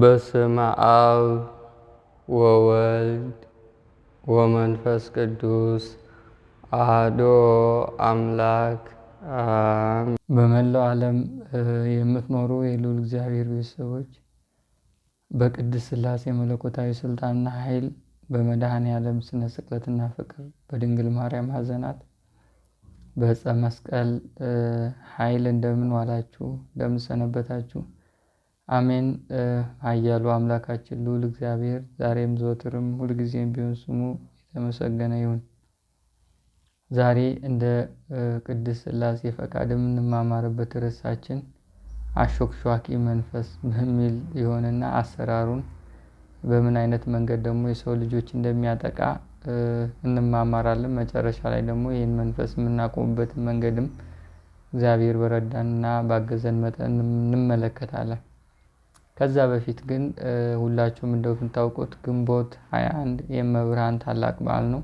በስመ አብ ወወልድ ወመንፈስ ቅዱስ አሐዱ አምላክ። በመላው ዓለም የምትኖሩ የልዑል እግዚአብሔር ቤተሰቦች በቅድስት ሥላሴ መለኮታዊ ሥልጣንና ኃይል በመድኃኔ ዓለም ስነ ስቅለትና ፍቅር በድንግል ማርያም ሐዘናት በዕፀ መስቀል ኃይል እንደምን ዋላችሁ እንደምን ሰነበታችሁ? አሜን ኃያሉ አምላካችን ልዑል እግዚአብሔር ዛሬም ዘወትርም ሁልጊዜም ቢሆን ስሙ የተመሰገነ ይሁን። ዛሬ እንደ ቅድስት ሥላሴ ፈቃድ የምንማማርበት ርዕሳችን አሾክሿኪ መንፈስ በሚል የሆነና አሰራሩን በምን አይነት መንገድ ደግሞ የሰው ልጆች እንደሚያጠቃ እንማማራለን። መጨረሻ ላይ ደግሞ ይህን መንፈስ የምናቆምበትን መንገድም እግዚአብሔር በረዳንና ባገዘን መጠን እንመለከታለን። ከዛ በፊት ግን ሁላችሁም እንደምታውቁት ግንቦት 21 የመብርሃን ታላቅ በዓል ነው።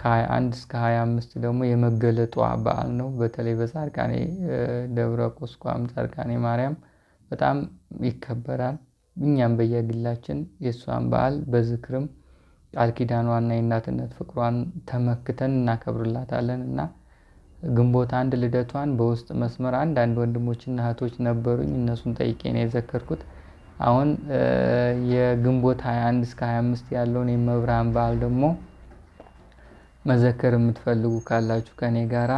ከ21 እስከ 25 ደግሞ የመገለጧ በዓል ነው። በተለይ በጻድቃኔ ደብረ ቁስቋም ጻድቃኔ ማርያም በጣም ይከበራል። እኛም በየግላችን የእሷን በዓል በዝክርም ቃል ኪዳኗና የእናትነት ፍቅሯን ተመክተን እናከብርላታለን እና ግንቦት አንድ ልደቷን በውስጥ መስመር አንዳንድ ወንድሞችና እህቶች ነበሩኝ። እነሱን ጠይቄ ነው የዘከርኩት። አሁን የግንቦት 21 እስከ 25 ያለውን የመብርሃን በዓል ደግሞ መዘከር የምትፈልጉ ካላችሁ ከኔ ጋራ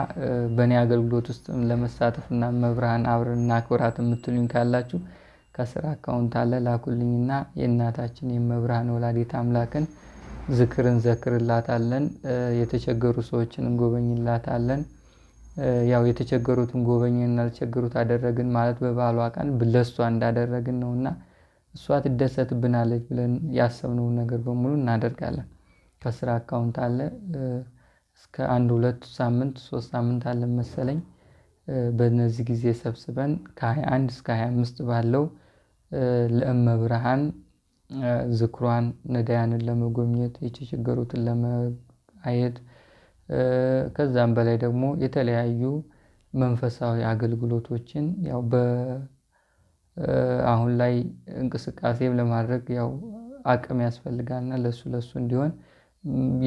በእኔ አገልግሎት ውስጥ ለመሳተፍና መብርሃን አብረን እናክብራት የምትሉኝ ካላችሁ ከስራ አካውንት አለ ላኩልኝና የእናታችን የመብርሃን ወላዲት አምላክን ዝክር እንዘክርላታለን። የተቸገሩ ሰዎችን እንጎበኝላታለን። ያው የተቸገሩትን ጎበኘን፣ ያልተቸገሩት አደረግን ማለት በበዓሏ ቀን ብለሷ እንዳደረግን ነውና እሷ ትደሰትብናለች ብለን ያሰብነውን ነገር በሙሉ እናደርጋለን። ከስራ አካውንት አለ እስከ አንድ ሁለት ሳምንት ሶስት ሳምንት አለ መሰለኝ። በነዚህ ጊዜ ሰብስበን ከ21 እስከ 25 አምስት ባለው ለእመብርሃን ዝክሯን ነዳያንን ለመጎብኘት የችግሩትን ለማየት ከዛም በላይ ደግሞ የተለያዩ መንፈሳዊ አገልግሎቶችን ያው በ አሁን ላይ እንቅስቃሴም ለማድረግ ያው አቅም ያስፈልጋልና ለሱ ለሱ እንዲሆን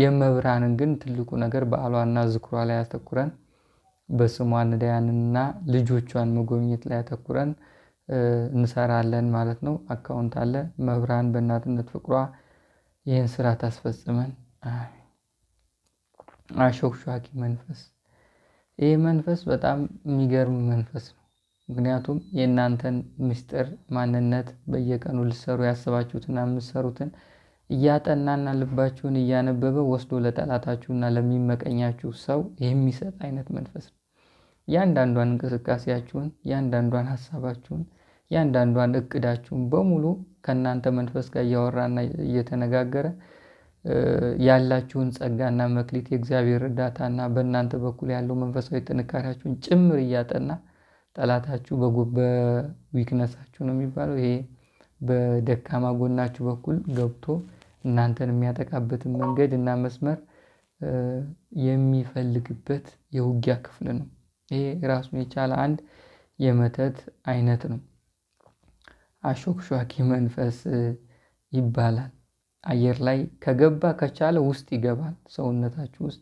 የመብራንን ግን ትልቁ ነገር በዓሏና ዝክሯ ላይ አተኩረን በስሟ ነዳያንና ልጆቿን መጎብኘት ላይ አተኩረን እንሰራለን ማለት ነው። አካውንት አለ መብራን በእናትነት ፍቅሯ ይህን ስራ ታስፈጽመን። አሾክሿኪ መንፈስ ይህ መንፈስ በጣም የሚገርም መንፈስ ነው። ምክንያቱም የእናንተን ምስጢር ማንነት በየቀኑ ልሰሩ ያሰባችሁትና የምትሰሩትን እያጠናና ልባችሁን እያነበበ ወስዶ ለጠላታችሁና ለሚመቀኛችሁ ሰው የሚሰጥ አይነት መንፈስ ነው። እያንዳንዷን እንቅስቃሴያችሁን፣ እያንዳንዷን ሀሳባችሁን፣ እያንዳንዷን እቅዳችሁን በሙሉ ከእናንተ መንፈስ ጋር እያወራና እየተነጋገረ ያላችሁን ጸጋና መክሊት የእግዚአብሔር እርዳታና በእናንተ በኩል ያለው መንፈሳዊ ጥንካሬያችሁን ጭምር እያጠና ጠላታችሁ በዊክነሳችሁ ነው የሚባለው ይሄ በደካማ ጎናችሁ በኩል ገብቶ እናንተን የሚያጠቃበትን መንገድ እና መስመር የሚፈልግበት የውጊያ ክፍል ነው። ይሄ ራሱን የቻለ አንድ የመተት አይነት ነው። አሾክሿኪ መንፈስ ይባላል። አየር ላይ ከገባ ከቻለ ውስጥ ይገባል ሰውነታችሁ ውስጥ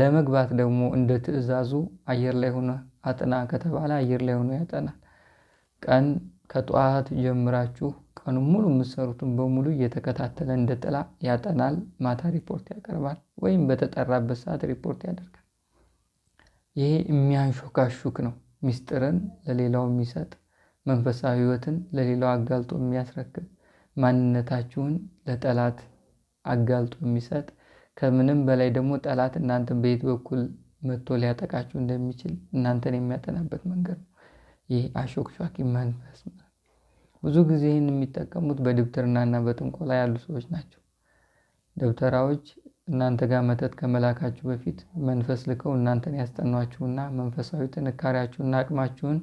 ለመግባት ደግሞ እንደ ትዕዛዙ አየር ላይ ሆኗል። አጥና ከተባለ አየር ላይ ሆኖ ያጠናል። ቀን ከጠዋት ጀምራችሁ ቀኑ ሙሉ የምትሰሩትን በሙሉ እየተከታተለ እንደ ጥላ ያጠናል። ማታ ሪፖርት ያቀርባል ወይም በተጠራበት ሰዓት ሪፖርት ያደርጋል። ይሄ የሚያንሾካሹክ ነው። ሚስጥርን ለሌላው የሚሰጥ መንፈሳዊ ሕይወትን ለሌላው አጋልጦ የሚያስረክብ ማንነታችሁን ለጠላት አጋልጦ የሚሰጥ ከምንም በላይ ደግሞ ጠላት እናንተ በየት በኩል መጥቶ ሊያጠቃችሁ እንደሚችል እናንተን የሚያጠናበት መንገድ ነው። ይህ አሾክሿኪ መንፈስ ብዙ ጊዜ ይህን የሚጠቀሙት ና በጥንቆላ ያሉ ሰዎች ናቸው። ደብተራዎች እናንተ ጋር መተት ከመላካችሁ በፊት መንፈስ ልከው እናንተን ያስጠኗችሁና መንፈሳዊ ጥንካሬያችሁና አቅማችሁን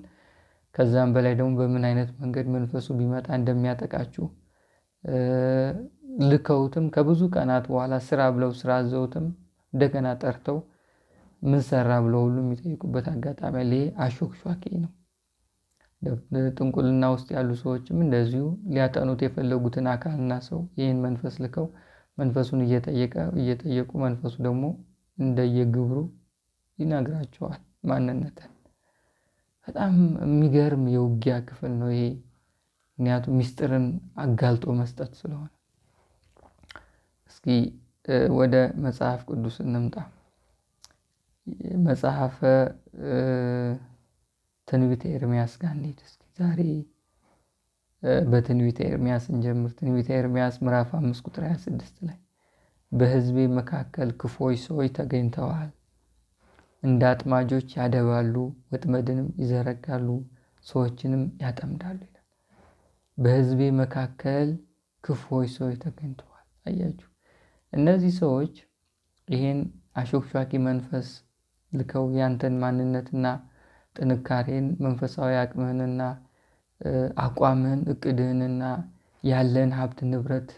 ከዛም በላይ ደግሞ በምን አይነት መንገድ መንፈሱ ቢመጣ እንደሚያጠቃችሁ ልከውትም ከብዙ ቀናት በኋላ ስራ ብለው ስራ አዘውትም እንደገና ጠርተው ምን ሰራ ብለው ሁሉ የሚጠይቁበት አጋጣሚ አለ። ይሄ አሾክሿኪ ነው። ጥንቁልና ውስጥ ያሉ ሰዎችም እንደዚሁ ሊያጠኑት የፈለጉትን አካልና ሰው ይህን መንፈስ ልከው መንፈሱን እየጠየቁ መንፈሱ ደግሞ እንደየግብሩ ይነግራቸዋል ማንነትን። በጣም የሚገርም የውጊያ ክፍል ነው ይሄ። ምክንያቱም ምስጢርን አጋልጦ መስጠት ስለሆነ። እስኪ ወደ መጽሐፍ ቅዱስ እንምጣ። መጽሐፈ ትንቢተ ኤርምያስ ጋር እንሂድ እስኪ ዛሬ በትንቢተ ኤርምያስ እንጀምር። ትንቢተ ኤርምያስ ምዕራፍ አምስት ቁጥር ስድስት ላይ በሕዝቤ መካከል ክፎች ሰዎች ተገኝተዋል፣ እንደ አጥማጆች ያደባሉ፣ ወጥመድንም ይዘረጋሉ፣ ሰዎችንም ያጠምዳሉ ይላል። በሕዝቤ መካከል ክፎች ሰዎች ተገኝተዋል። አያችሁ፣ እነዚህ ሰዎች ይህን አሾክሿኪ መንፈስ ልከው ያንተን ማንነትና ጥንካሬን መንፈሳዊ አቅምህንና አቋምህን እቅድህንና ያለን ሀብት ንብረት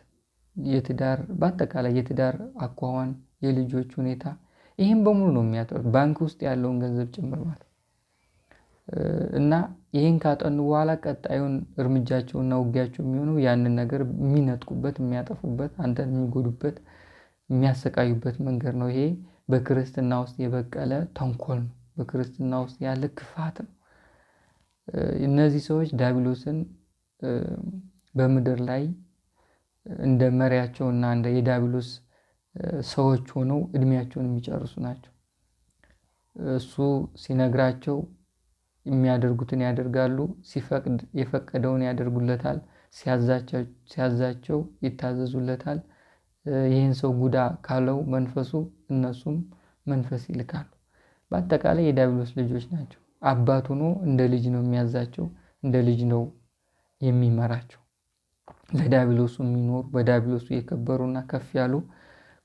የትዳር በአጠቃላይ የትዳር አኳኋን የልጆች ሁኔታ ይህም በሙሉ ነው የሚያጠኑት፣ ባንክ ውስጥ ያለውን ገንዘብ ጭምር ማለት እና ይህን ካጠኑ በኋላ ቀጣዩን እርምጃቸውና ውጊያቸው የሚሆነው ያንን ነገር የሚነጥቁበት፣ የሚያጠፉበት፣ አንተን የሚጎዱበት፣ የሚያሰቃዩበት መንገድ ነው ይሄ። በክርስትና ውስጥ የበቀለ ተንኮል ነው። በክርስትና ውስጥ ያለ ክፋት ነው። እነዚህ ሰዎች ዳቢሎስን በምድር ላይ እንደ መሪያቸው እና እንደ የዳቢሎስ ሰዎች ሆነው እድሜያቸውን የሚጨርሱ ናቸው። እሱ ሲነግራቸው የሚያደርጉትን ያደርጋሉ። ሲፈቅድ የፈቀደውን ያደርጉለታል። ሲያዛቸው ይታዘዙለታል። ይህን ሰው ጉዳ ካለው መንፈሱ እነሱም መንፈስ ይልካሉ። በአጠቃላይ የዲያብሎስ ልጆች ናቸው። አባት ሆኖ እንደ ልጅ ነው የሚያዛቸው፣ እንደ ልጅ ነው የሚመራቸው። ለዲያብሎሱ የሚኖሩ በዲያብሎሱ የከበሩና ከፍ ያሉ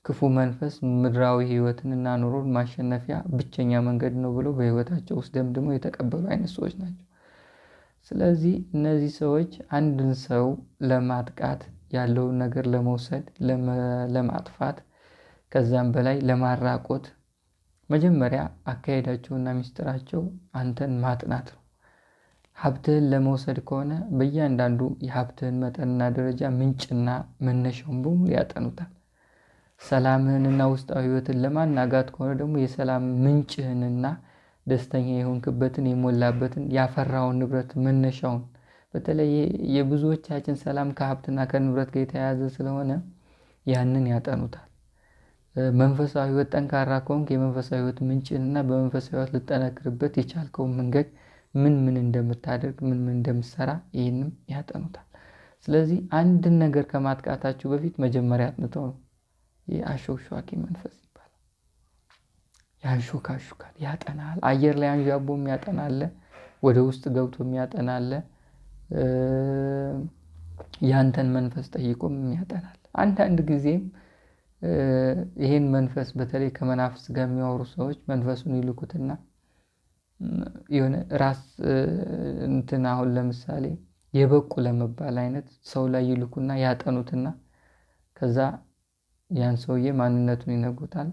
ክፉ መንፈስ ምድራዊ ህይወትንና ኑሮን ማሸነፊያ ብቸኛ መንገድ ነው ብለው በህይወታቸው ውስጥ ደምድሞ የተቀበሉ አይነት ሰዎች ናቸው። ስለዚህ እነዚህ ሰዎች አንድን ሰው ለማጥቃት ያለውን ነገር ለመውሰድ ለማጥፋት ከዛም በላይ ለማራቆት መጀመሪያ አካሄዳቸውና ሚስጥራቸው አንተን ማጥናት ነው። ሀብትህን ለመውሰድ ከሆነ በእያንዳንዱ የሀብትህን መጠንና ደረጃ ምንጭና መነሻውን በሙሉ ያጠኑታል። ሰላምህንና ውስጣዊ ህይወትን ለማናጋት ከሆነ ደግሞ የሰላም ምንጭህንና ደስተኛ የሆንክበትን የሞላበትን ያፈራውን ንብረት መነሻውን በተለይ የብዙዎቻችን ሰላም ከሀብትና ከንብረት ጋር የተያያዘ ስለሆነ ያንን ያጠኑታል። መንፈሳዊ ህይወት ጠንካራ ከሆንክ የመንፈሳዊ ህይወት ምንጭንና በመንፈሳዊ ህይወት ልጠነክርበት የቻልከውን መንገድ ምን ምን እንደምታደርግ ምን ምን እንደምትሰራ ይህንም ያጠኑታል። ስለዚህ አንድን ነገር ከማጥቃታችሁ በፊት መጀመሪያ አጥንተው ነው። የአሾክሿኪ መንፈስ ይባላል። ያንሾካሹካል፣ ያጠናል። አየር ላይ አንዣቦ የሚያጠናለ ወደ ውስጥ ገብቶ ያጠናለ ያንተን መንፈስ ጠይቆም ያጠናል። አንዳንድ ጊዜም ይህን መንፈስ በተለይ ከመናፍስ ጋር የሚያወሩ ሰዎች መንፈሱን ይልኩትና የሆነ ራስ እንትን አሁን ለምሳሌ የበቁ ለመባል አይነት ሰው ላይ ይልኩና ያጠኑትና ከዛ ያን ሰውዬ ማንነቱን ይነጉታል።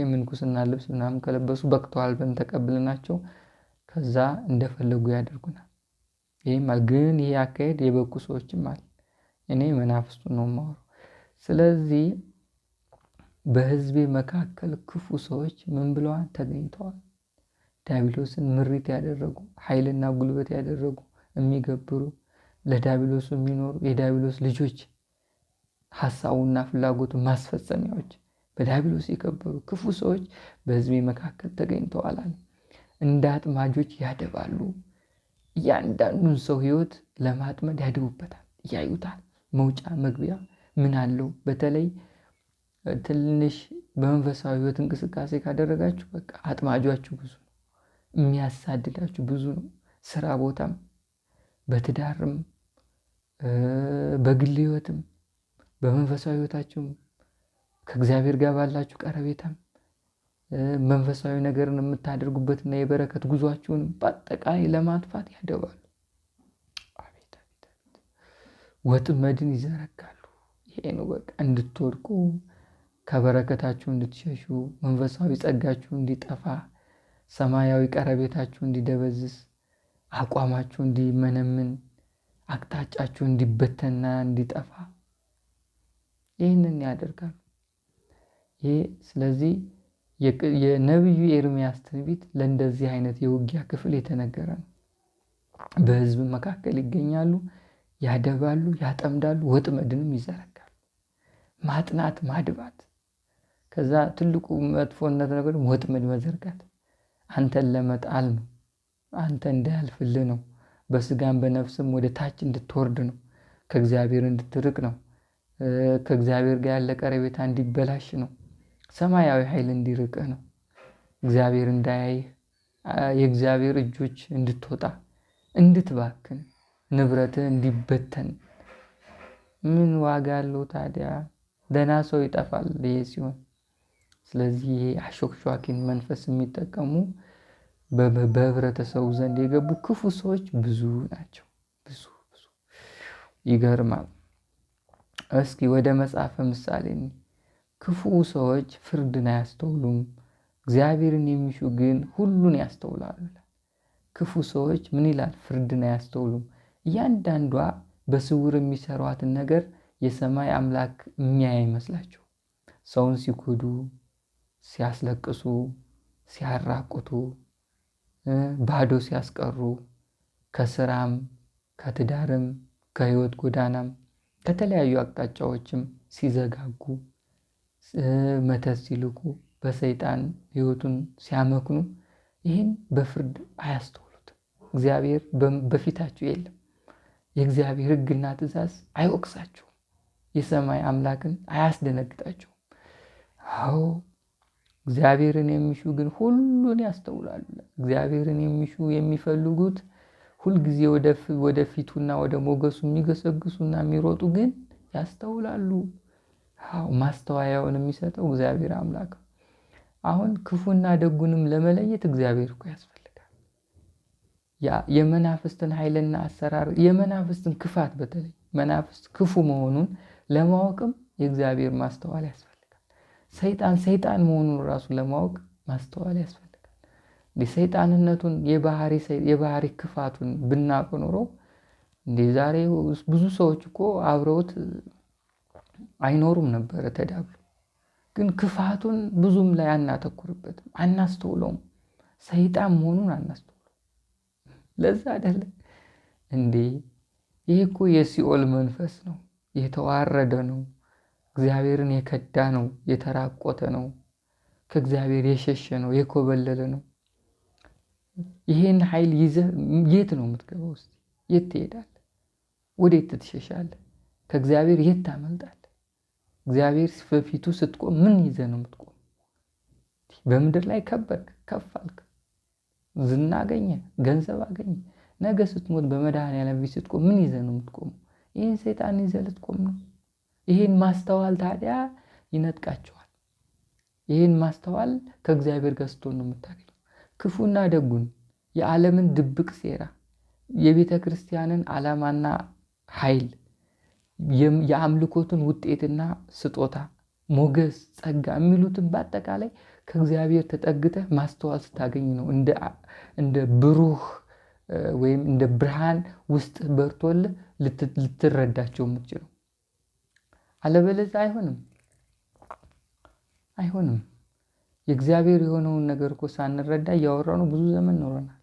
የምንኩስና ልብስ ምናምን ከለበሱ በቅተዋል ብለን ተቀብልናቸው ከዛ እንደፈለጉ ያደርጉናል። ይህም ግን ይህ አካሄድ የበቁ ሰዎችም አለ። እኔ መናፍስቱ ነው የማወራው። ስለዚህ በህዝቤ መካከል ክፉ ሰዎች ምን ብለዋል? ተገኝተዋል። ዳቢሎስን ምሪት ያደረጉ ኃይልና ጉልበት ያደረጉ የሚገብሩ ለዲያብሎሱ የሚኖሩ የዳቢሎስ ልጆች ሀሳቡና ፍላጎቱ ማስፈጸሚያዎች በዲያብሎስ የከበሩ ክፉ ሰዎች በህዝቤ መካከል ተገኝተዋል። እንደ አጥማጆች ያደባሉ። እያንዳንዱን ሰው ህይወት ለማጥመድ ያድቡበታል፣ ያዩታል። መውጫ መግቢያ ምን አለው? በተለይ ትንሽ በመንፈሳዊ ህይወት እንቅስቃሴ ካደረጋችሁ በቃ አጥማጇችሁ ብዙ ነው። የሚያሳድዳችሁ ብዙ ነው። ስራ ቦታም፣ በትዳርም፣ በግል ህይወትም፣ በመንፈሳዊ ህይወታችሁም ከእግዚአብሔር ጋር ባላችሁ ቀረቤታም መንፈሳዊ ነገርን የምታደርጉበትና የበረከት ጉዟችሁን በአጠቃላይ ለማጥፋት ያደባሉ። አቤት አቤት ወጥመድን ይዘረጋሉ። ይሄ ነው በቃ እንድትወድቁ፣ ከበረከታችሁ እንድትሸሹ፣ መንፈሳዊ ጸጋችሁ እንዲጠፋ፣ ሰማያዊ ቀረቤታችሁ እንዲደበዝስ፣ አቋማችሁ እንዲመነምን፣ አቅጣጫችሁ እንዲበተና እንዲጠፋ ይህንን ያደርጋሉ። ይህ ስለዚህ የነቢዩ ኤርምያስ ትንቢት ለእንደዚህ አይነት የውጊያ ክፍል የተነገረ ነው። በህዝብ መካከል ይገኛሉ፣ ያደባሉ፣ ያጠምዳሉ፣ ወጥመድንም ይዘረጋሉ። ማጥናት ማድባት፣ ከዛ ትልቁ መጥፎነት ነገር ወጥመድ መዘርጋት አንተን ለመጣል ነው። አንተ እንዳያልፍልህ ነው። በስጋም በነፍስም ወደ ታች እንድትወርድ ነው። ከእግዚአብሔር እንድትርቅ ነው። ከእግዚአብሔር ጋር ያለ ቀረቤታ እንዲበላሽ ነው። ሰማያዊ ኃይል እንዲርቅ ነው። እግዚአብሔር እንዳያይህ የእግዚአብሔር እጆች እንድትወጣ እንድትባክን ንብረትህ እንዲበተን ምን ዋጋ አለው ታዲያ? ደህና ሰው ይጠፋል ይሄ ሲሆን። ስለዚህ ይሄ አሾክሿኪን መንፈስ የሚጠቀሙ በህብረተሰቡ ዘንድ የገቡ ክፉ ሰዎች ብዙ ናቸው። ብዙ ብዙ ይገርማል። እስኪ ወደ መጽሐፈ ምሳሌ ክፉ ሰዎች ፍርድን አያስተውሉም፣ እግዚአብሔርን የሚሹ ግን ሁሉን ያስተውላሉ። ክፉ ሰዎች ምን ይላል? ፍርድን አያስተውሉም። እያንዳንዷ በስውር የሚሰሯትን ነገር የሰማይ አምላክ የሚያይ ይመስላቸው። ሰውን ሲጎዱ፣ ሲያስለቅሱ፣ ሲያራቁቱ፣ ባዶ ሲያስቀሩ፣ ከስራም ከትዳርም ከህይወት ጎዳናም ከተለያዩ አቅጣጫዎችም ሲዘጋጉ መተት ሲልኩ በሰይጣን ህይወቱን ሲያመክኑ ይህን በፍርድ አያስተውሉትም። እግዚአብሔር በፊታችሁ የለም። የእግዚአብሔር ህግና ትእዛዝ አይወቅሳችሁም። የሰማይ አምላክን አያስደነግጣችሁም። አዎ እግዚአብሔርን የሚሹ ግን ሁሉን ያስተውላሉ። እግዚአብሔርን የሚሹ የሚፈልጉት ሁልጊዜ ወደፊቱና ወደ ሞገሱ የሚገሰግሱና የሚሮጡ ግን ያስተውላሉ። ማስተዋያውን የሚሰጠው እግዚአብሔር አምላክ ነው። አሁን ክፉና ደጉንም ለመለየት እግዚአብሔር እኮ ያስፈልጋል። የመናፍስትን ኃይልና አሰራር፣ የመናፍስትን ክፋት፣ በተለይ መናፍስት ክፉ መሆኑን ለማወቅም የእግዚአብሔር ማስተዋል ያስፈልጋል። ሰይጣን ሰይጣን መሆኑን ራሱ ለማወቅ ማስተዋል ያስፈልጋል። ሰይጣንነቱን የባህሪ ክፋቱን ብናውቅ ኖሮ እንዴ ዛሬ ብዙ ሰዎች እኮ አብረውት አይኖሩም ነበረ ተዳብሎ። ግን ክፋቱን ብዙም ላይ አናተኩርበትም፣ አናስተውለውም። ሰይጣን መሆኑን አናስተውለው። ለዛ አደለ እንዴ? ይህ እኮ የሲኦል መንፈስ ነው። የተዋረደ ነው። እግዚአብሔርን የከዳ ነው። የተራቆተ ነው። ከእግዚአብሔር የሸሸ ነው። የኮበለለ ነው። ይሄን ኃይል ይዘህ የት ነው የምትገባው? ውስጥ የት ትሄዳለህ? ወዴት ትሸሻለህ? ከእግዚአብሔር የት ታመልጣል? እግዚአብሔር በፊቱ ስትቆም ምን ይዘ ነው የምትቆም? በምድር ላይ ከበርክ፣ ከፍ አልክ፣ ዝና አገኘ፣ ገንዘብ አገኘ። ነገ ስትሞት በመድኃኔዓለም ፊት ስትቆም ምን ይዘ ነው የምትቆመው? ይህን ሰይጣን ይዘ ልትቆም ነው? ይህን ማስተዋል ታዲያ ይነጥቃቸዋል። ይህን ማስተዋል ከእግዚአብሔር ጋር ስትሆን ነው የምታገኘው። ክፉና ደጉን የዓለምን ድብቅ ሴራ የቤተ ክርስቲያንን ዓላማና ኃይል የአምልኮቱን ውጤትና ስጦታ ሞገስ፣ ጸጋ የሚሉትን በአጠቃላይ ከእግዚአብሔር ተጠግተህ ማስተዋል ስታገኝ ነው። እንደ ብሩህ ወይም እንደ ብርሃን ውስጥ በርቶልህ ልትረዳቸው የምትችለው። አለበለዚያ አይሆንም አይሆንም። የእግዚአብሔር የሆነውን ነገር እኮ ሳንረዳ እያወራኑ ብዙ ዘመን ኖረናል።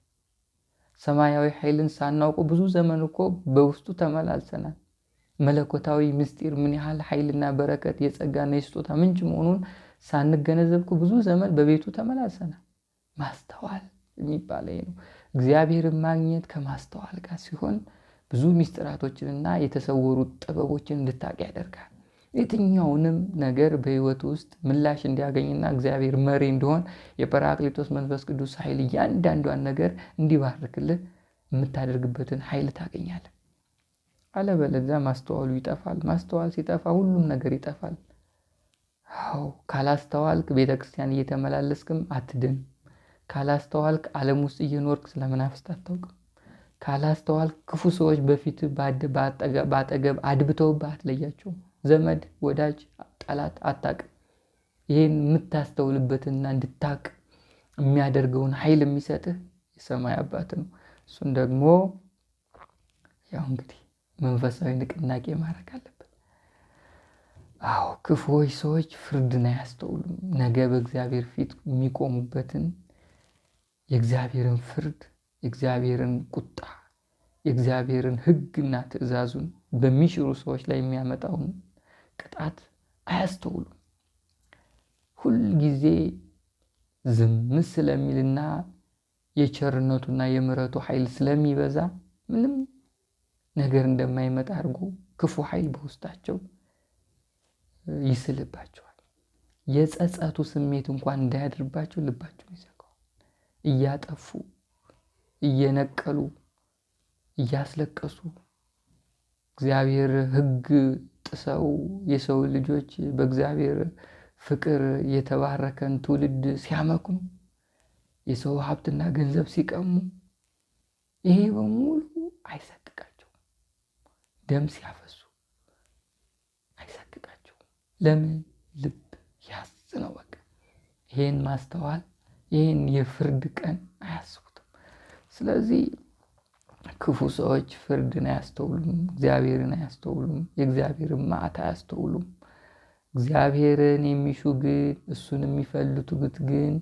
ሰማያዊ ኃይልን ሳናውቀው ብዙ ዘመን እኮ በውስጡ ተመላልሰናል። መለኮታዊ ምስጢር ምን ያህል ኃይልና በረከት የጸጋና የስጦታ ምንጭ መሆኑን ሳንገነዘብኩ ብዙ ዘመን በቤቱ ተመላልሰናል። ማስተዋል የሚባለ ነው። እግዚአብሔርን ማግኘት ከማስተዋል ጋር ሲሆን ብዙ ምስጢራቶችንና የተሰወሩ ጥበቦችን እንድታቅ ያደርጋል። የትኛውንም ነገር በህይወት ውስጥ ምላሽ እንዲያገኝና እግዚአብሔር መሪ እንዲሆን የጰራቅሊጦስ መንፈስ ቅዱስ ኃይል እያንዳንዷን ነገር እንዲባርክልህ የምታደርግበትን ኃይል ታገኛለህ። አለበለዚያ ማስተዋሉ ይጠፋል። ማስተዋል ሲጠፋ ሁሉም ነገር ይጠፋል። አዎ ካላስተዋልክ ቤተክርስቲያን እየተመላለስክም አትድን ካላስተዋልክ ዓለም ውስጥ እየኖርክ ስለ መናፍስት አታውቅም። ካላስተዋልክ ክፉ ሰዎች በፊት በአጠገብ አድብተውብህ አትለያቸውም። ዘመድ፣ ወዳጅ፣ ጠላት አታውቅም። ይህን የምታስተውልበትና እንድታቅ የሚያደርገውን ኃይል የሚሰጥህ የሰማይ አባት ነው። እሱን ደግሞ ያው እንግዲህ መንፈሳዊ ንቅናቄ ማድረግ አለብን። አዎ ክፉዎች ሰዎች ፍርድን አያስተውሉም። ነገ በእግዚአብሔር ፊት የሚቆሙበትን የእግዚአብሔርን ፍርድ፣ የእግዚአብሔርን ቁጣ፣ የእግዚአብሔርን ሕግና ትእዛዙን በሚሽሩ ሰዎች ላይ የሚያመጣውን ቅጣት አያስተውሉም። ሁል ጊዜ ዝም ስለሚልና የቸርነቱና የምሕረቱ ኃይል ስለሚበዛ ምንም ነገር እንደማይመጣ አድርጎ ክፉ ኃይል በውስጣቸው ይስልባቸዋል። የጸጸቱ ስሜት እንኳን እንዳያድርባቸው ልባቸውን ይዘጋዋል። እያጠፉ እየነቀሉ እያስለቀሱ እግዚአብሔር ሕግ ጥሰው የሰው ልጆች በእግዚአብሔር ፍቅር የተባረከን ትውልድ ሲያመክኑ የሰው ሀብትና ገንዘብ ሲቀሙ ይሄ በሙሉ አይሰ ደም ሲያፈሱ አይሰቅቃቸው። ለምን ልብ ያዝ ነው። በቃ ይሄን ማስተዋል ይህን የፍርድ ቀን አያስቡትም። ስለዚህ ክፉ ሰዎች ፍርድን አያስተውሉም፣ እግዚአብሔርን አያስተውሉም፣ የእግዚአብሔርን መዓት አያስተውሉም። እግዚአብሔርን የሚሹ ግን እሱን የሚፈልጉት ግን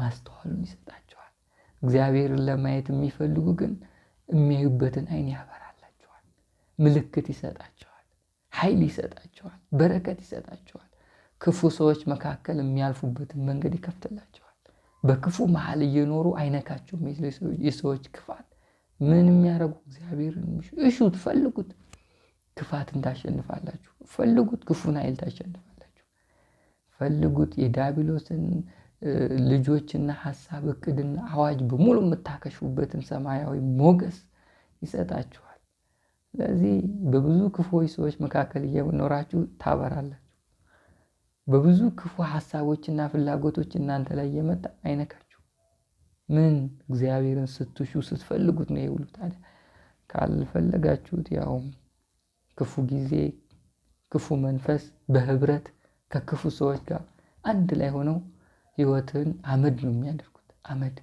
ማስተዋሉን ይሰጣቸዋል። እግዚአብሔርን ለማየት የሚፈልጉ ግን የሚያዩበትን አይን ያባል ምልክት ይሰጣቸዋል፣ ኃይል ይሰጣቸዋል፣ በረከት ይሰጣቸዋል። ክፉ ሰዎች መካከል የሚያልፉበትን መንገድ ይከፍትላቸዋል። በክፉ መሀል እየኖሩ አይነካቸውም። የሰዎች ክፋት ምን የሚያደርጉ እግዚአብሔርን እሹት፣ ፈልጉት፣ ክፋትን ታሸንፋላችሁ። ፈልጉት፣ ክፉን ኃይል ታሸንፋላችሁ። ፈልጉት፣ የዲያብሎስን ልጆችና ሀሳብ፣ እቅድና አዋጅ በሙሉ የምታከሹበትን ሰማያዊ ሞገስ ይሰጣችኋል። ስለዚህ በብዙ ክፉዎች ሰዎች መካከል እየኖራችሁ ታበራላችሁ። በብዙ ክፉ ሀሳቦችና ፍላጎቶች እናንተ ላይ እየመጣ አይነካችሁ። ምን እግዚአብሔርን ስትሹ ስትፈልጉት ነው የውሉ። ታዲያ ካልፈለጋችሁት ያውም ክፉ ጊዜ፣ ክፉ መንፈስ በህብረት ከክፉ ሰዎች ጋር አንድ ላይ ሆነው ህይወትን አመድ ነው የሚያደርጉት። አመድ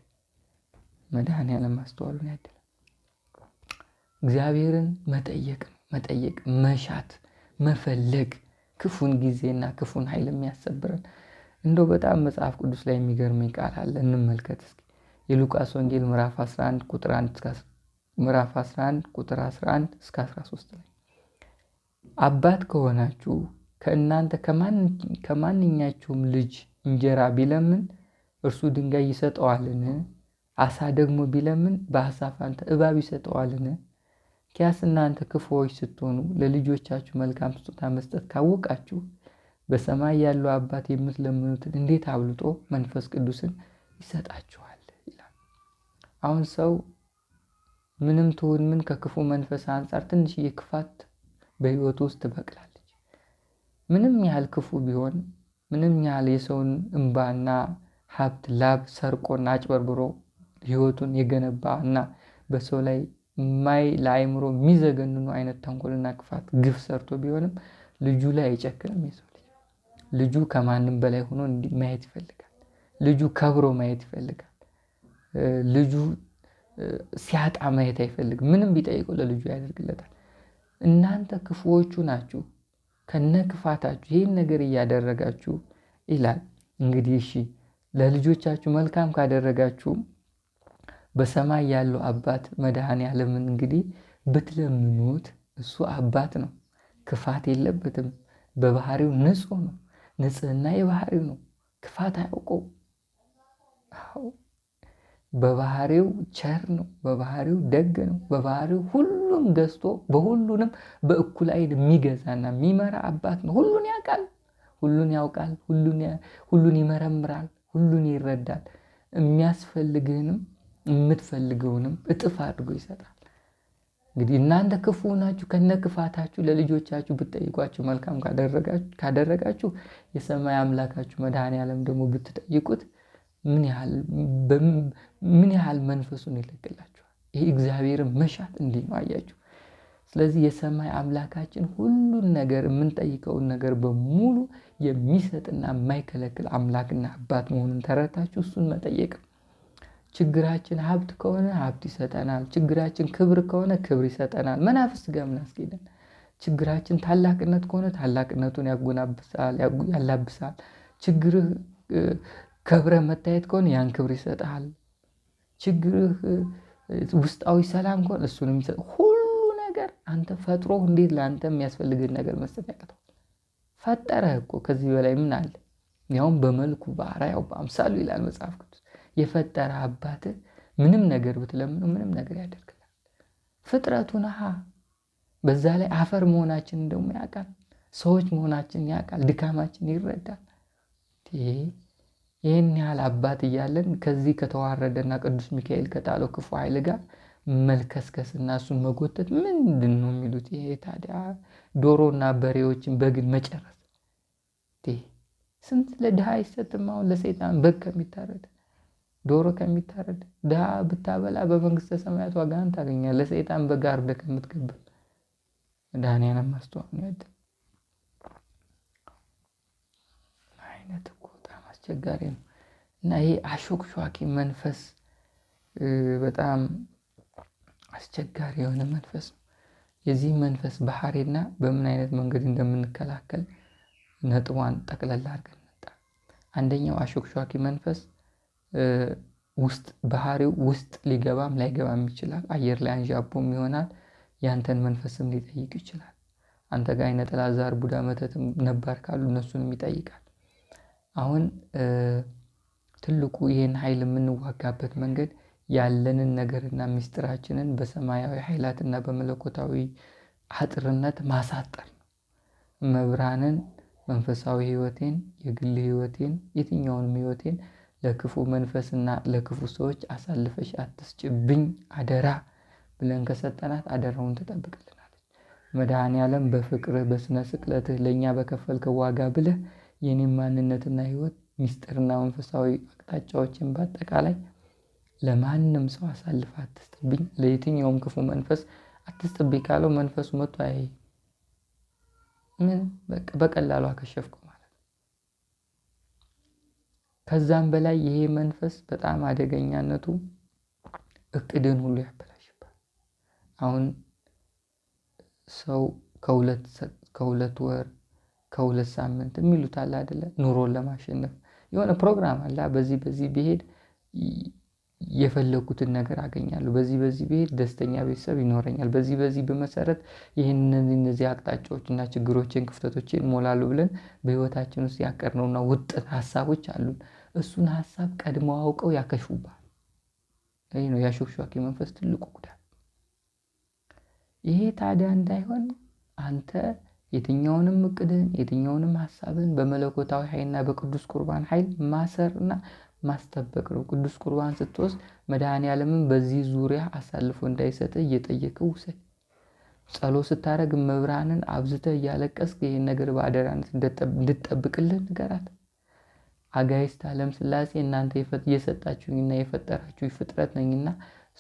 መድኃኔዓለም ማስተዋሉን ያደ። እግዚአብሔርን መጠየቅ መጠየቅ መሻት መፈለግ ክፉን ጊዜና ክፉን ኃይል የሚያሰብረን እንደው በጣም መጽሐፍ ቅዱስ ላይ የሚገርመኝ ቃል አለ። እንመልከት እስኪ የሉቃስ ወንጌል ምዕራፍ 11 ቁጥር 11 ቁጥር 11 እስከ 13 ላይ አባት ከሆናችሁ ከእናንተ ከማንኛችሁም ልጅ እንጀራ ቢለምን እርሱ ድንጋይ ይሰጠዋልን? አሳ ደግሞ ቢለምን በአሳ ፋንታ እባብ ይሰጠዋልን? ኪያስ እናንተ ክፉዎች ስትሆኑ ለልጆቻችሁ መልካም ስጦታ መስጠት ካወቃችሁ በሰማይ ያለው አባት የምትለምኑትን እንዴት አብልጦ መንፈስ ቅዱስን ይሰጣችኋል ይላል። አሁን ሰው ምንም ትሁን ምን ከክፉ መንፈስ አንጻር ትንሽዬ ክፋት በህይወቱ ውስጥ ትበቅላለች። ምንም ያህል ክፉ ቢሆን ምንም ያህል የሰውን እምባና ሀብት ላብ ሰርቆና አጭበርብሮ ህይወቱን የገነባ እና በሰው ላይ ማይ ለአይምሮ የሚዘገንኑ አይነት ተንኮልና ክፋት ግፍ ሰርቶ ቢሆንም ልጁ ላይ አይጨክንም። የሰው ልጅ ልጁ ከማንም በላይ ሆኖ ማየት ይፈልጋል። ልጁ ከብሮ ማየት ይፈልጋል። ልጁ ሲያጣ ማየት አይፈልግም። ምንም ቢጠይቀው ለልጁ ያደርግለታል። እናንተ ክፉዎቹ ናችሁ ከነ ክፋታችሁ ይህን ነገር እያደረጋችሁ ይላል። እንግዲህ እሺ ለልጆቻችሁ መልካም ካደረጋችሁም በሰማይ ያለው አባት መድሃን ዓለምን እንግዲህ ብትለምኑት እሱ አባት ነው። ክፋት የለበትም። በባህሪው ንጹሕ ነው። ንጽህና የባህሪው ነው። ክፋት አያውቀው። በባህሪው ቸር ነው። በባህሪው ደግ ነው። በባህሪው ሁሉን ገዝቶ በሁሉንም በእኩል ዓይን የሚገዛና የሚመራ አባት ነው። ሁሉን ያውቃል። ሁሉን ያውቃል። ሁሉን ይመረምራል። ሁሉን ይረዳል። የሚያስፈልግህንም የምትፈልገውንም እጥፍ አድርጎ ይሰጣል። እንግዲህ እናንተ ክፉ ናችሁ፣ ከነ ክፋታችሁ ለልጆቻችሁ ብትጠይቋቸው መልካም ካደረጋችሁ የሰማይ አምላካችሁ መድኃኔዓለም ደግሞ ብትጠይቁት ምን ያህል መንፈሱን ይለቅላችኋል። ይህ እግዚአብሔርን መሻት እንዲህ ነው። አያችሁ። ስለዚህ የሰማይ አምላካችን ሁሉን ነገር የምንጠይቀውን ነገር በሙሉ የሚሰጥና የማይከለክል አምላክና አባት መሆኑን ተረታችሁ እሱን መጠየቅ ችግራችን ሀብት ከሆነ ሀብት ይሰጠናል። ችግራችን ክብር ከሆነ ክብር ይሰጠናል። መናፍስት ጋር ምን ችግራችን ታላቅነት ከሆነ ታላቅነቱን ያጎናብሳል፣ ያላብሳል። ችግርህ ከብረ መታየት ከሆነ ያን ክብር ይሰጣል። ችግርህ ውስጣዊ ሰላም ከሆነ እሱን ይሰጥ። ሁሉ ነገር አንተ ፈጥሮ እንዴት ለአንተ የሚያስፈልግን ነገር መስጠት ያቅተዋል? ፈጠረህ እኮ ከዚህ በላይ ምን አለ? ያውም በመልኩ በአርአያው በአምሳሉ ይላል መጽሐፍ የፈጠረ አባት ምንም ነገር ብትለምነው ምንም ነገር ያደርግላል። ፍጥረቱ ነሃ። በዛ ላይ አፈር መሆናችንን ደግሞ ያውቃል። ሰዎች መሆናችንን ያውቃል። ድካማችን ይረዳል። ይህን ያህል አባት እያለን ከዚህ ከተዋረደና ቅዱስ ሚካኤል ከጣለው ክፉ ኃይል ጋር መልከስከስና እሱን መጎተት ምንድን ነው የሚሉት? ይሄ ታዲያ ዶሮና በሬዎችን በግን መጨረስ ስንት ለድሃ አይሰጥም? አሁን ለሰይጣን በግ ከሚታረደ ዶሮ ከሚታረድ ድሃ ብታበላ በመንግስተ ሰማያት ዋጋህን ታገኛለህ። ሰይጣን በጋርደ ከምትገብር ዳንኤል ማስተዋል ያድ አይነት እኮ በጣም አስቸጋሪ ነው እና ይሄ አሾክሿኪ መንፈስ በጣም አስቸጋሪ የሆነ መንፈስ ነው። የዚህ መንፈስ ባህሪና በምን አይነት መንገድ እንደምንከላከል ነጥቧን ጠቅለላ አድርገን መጣ። አንደኛው አሾክሿኪ መንፈስ ውስጥ ባህሪው ውስጥ ሊገባም ላይገባም ይችላል። አየር ላይ አንዣቦም ይሆናል። ያንተን መንፈስም ሊጠይቅ ይችላል። አንተ ጋር አይነ ጥላ፣ ዛር፣ ቡዳ፣ መተትም ነባር ካሉ እነሱንም ይጠይቃል። አሁን ትልቁ ይህን ኃይል የምንዋጋበት መንገድ ያለንን ነገርና ምስጢራችንን በሰማያዊ ኃይላትና በመለኮታዊ አጥርነት ማሳጠር ነው። መብራንን መንፈሳዊ ህይወቴን፣ የግል ህይወቴን የትኛውንም ህይወቴን ለክፉ መንፈስና ለክፉ ሰዎች አሳልፈሽ አትስጭብኝ አደራ ብለን ከሰጠናት አደራውን ትጠብቅልናለች። መድኃኔ ዓለም በፍቅርህ በስነ ስቅለትህ ለእኛ በከፈልከው ዋጋ ብለህ የኔም ማንነትና ህይወት ሚስጥርና መንፈሳዊ አቅጣጫዎችን በአጠቃላይ ለማንም ሰው አሳልፈ አትስጥብኝ፣ ለየትኛውም ክፉ መንፈስ አትስጥብኝ ካለው መንፈሱ መጥቶ አይ ምን በቀላሉ አከሸፍኩ። ከዛም በላይ ይሄ መንፈስ በጣም አደገኛነቱ እቅድን ሁሉ ያበላሽባል። አሁን ሰው ከሁለት ወር ከሁለት ሳምንት የሚሉት አለ አደለ፣ ኑሮን ለማሸነፍ የሆነ ፕሮግራም አለ። በዚህ በዚህ ብሄድ የፈለጉትን ነገር አገኛሉ። በዚህ በዚህ ብሄድ ደስተኛ ቤተሰብ ይኖረኛል፣ በዚህ በዚህ በመሰረት ይህን እነዚህ አቅጣጫዎች እና ችግሮችን ክፍተቶችን ሞላሉ ብለን በህይወታችን ውስጥ ያቀርነውና ውጥን ሀሳቦች አሉን። እሱን ሀሳብ ቀድሞ አውቀው ያከሹባል። ይህ ነው የአሾክሿኪ መንፈስ ትልቁ ጉዳት። ይሄ ታዲያ እንዳይሆን አንተ የትኛውንም እቅድን የትኛውንም ሀሳብን በመለኮታዊ ኃይልና በቅዱስ ቁርባን ኃይል ማሰርና ማስጠበቅ ነው። ቅዱስ ቁርባን ስትወስድ መድኃኔ ዓለምን በዚህ ዙሪያ አሳልፎ እንዳይሰጥ እየጠየቅ ውሰድ። ጸሎት ስታደረግ መብርሃንን አብዝተ እያለቀስ ይህን ነገር በአደራነት እንድጠብቅልህ ንገራት። አጋይስት ዓለም ስላሴ እናንተ እየሰጣችሁኝና የፈጠራችሁ ፍጥረት ነኝና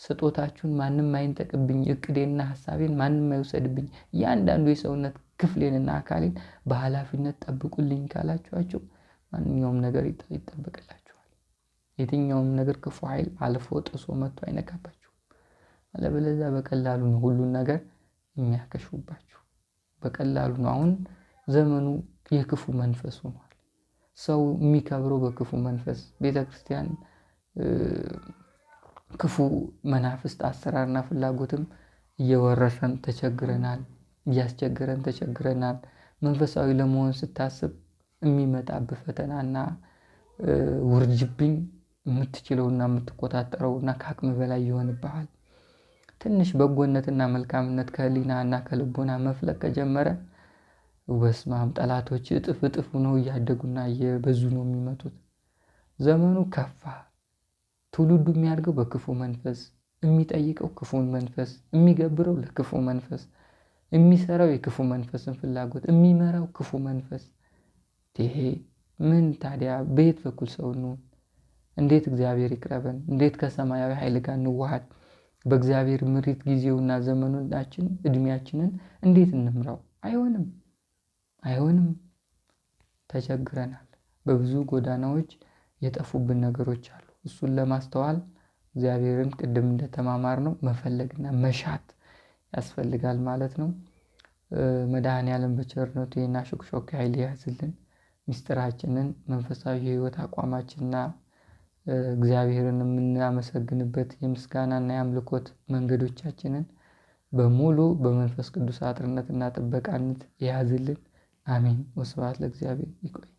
ስጦታችሁን ማንም አይንጠቅብኝ፣ እቅዴና ሀሳቤን ማንም አይውሰድብኝ፣ እያንዳንዱ የሰውነት ክፍሌንና አካሌን በኃላፊነት ጠብቁልኝ ካላችኋቸው ማንኛውም ነገር ይጠበቅላችኋል። የትኛውም ነገር ክፉ ኃይል አልፎ ጥሶ መጥቶ አይነካባችሁም። አለበለዚያ በቀላሉ ነው ሁሉን ነገር የሚያከሽባችሁ። በቀላሉ ነው። አሁን ዘመኑ የክፉ መንፈሱ ነ? ሰው የሚከብረው በክፉ መንፈስ ቤተ ክርስቲያን ክፉ መናፍስት አሰራርና ፍላጎትም እየወረሰን ተቸግረናል፣ እያስቸግረን ተቸግረናል። መንፈሳዊ ለመሆን ስታስብ የሚመጣብህ ፈተናና ውርጅብኝ የምትችለውና የምትቆጣጠረውና ከአቅም በላይ ይሆንብሃል። ትንሽ በጎነትና መልካምነት እና ከልቦና መፍለቅ ከጀመረ ወስማም ጠላቶች እጥፍ እጥፍ ነው እያደጉና እየበዙ ነው የሚመጡት። ዘመኑ ከፋ። ትውልዱ የሚያድገው በክፉ መንፈስ፣ የሚጠይቀው ክፉን መንፈስ፣ የሚገብረው ለክፉ መንፈስ፣ የሚሰራው የክፉ መንፈስን ፍላጎት፣ የሚመራው ክፉ መንፈስ። ይሄ ምን ታዲያ በየት በኩል ሰው እንሆን? እንዴት እግዚአብሔር ይቅረበን? እንዴት ከሰማያዊ ኃይል ጋር እንዋሃድ? በእግዚአብሔር ምሪት ጊዜውና ዘመኑናችን እድሜያችንን እንዴት እንምራው? አይሆንም። አይሆንም ተቸግረናል። በብዙ ጎዳናዎች የጠፉብን ነገሮች አሉ። እሱን ለማስተዋል እግዚአብሔርን ቅድም ነው መፈለግና መሻት ያስፈልጋል ማለት ነው። መድኃኒዓለም በቸርነቱ ይህን አሹክሾክ ኃይል የያዝልን ምስጢራችንን መንፈሳዊ የህይወት አቋማችንና እግዚአብሔርን የምናመሰግንበት የምስጋናና የአምልኮት መንገዶቻችንን በሙሉ በመንፈስ ቅዱስ አጥርነትና ጥበቃነት የያዝልን አሜን። ወስብሐት ለእግዚአብሔር። ይቆይ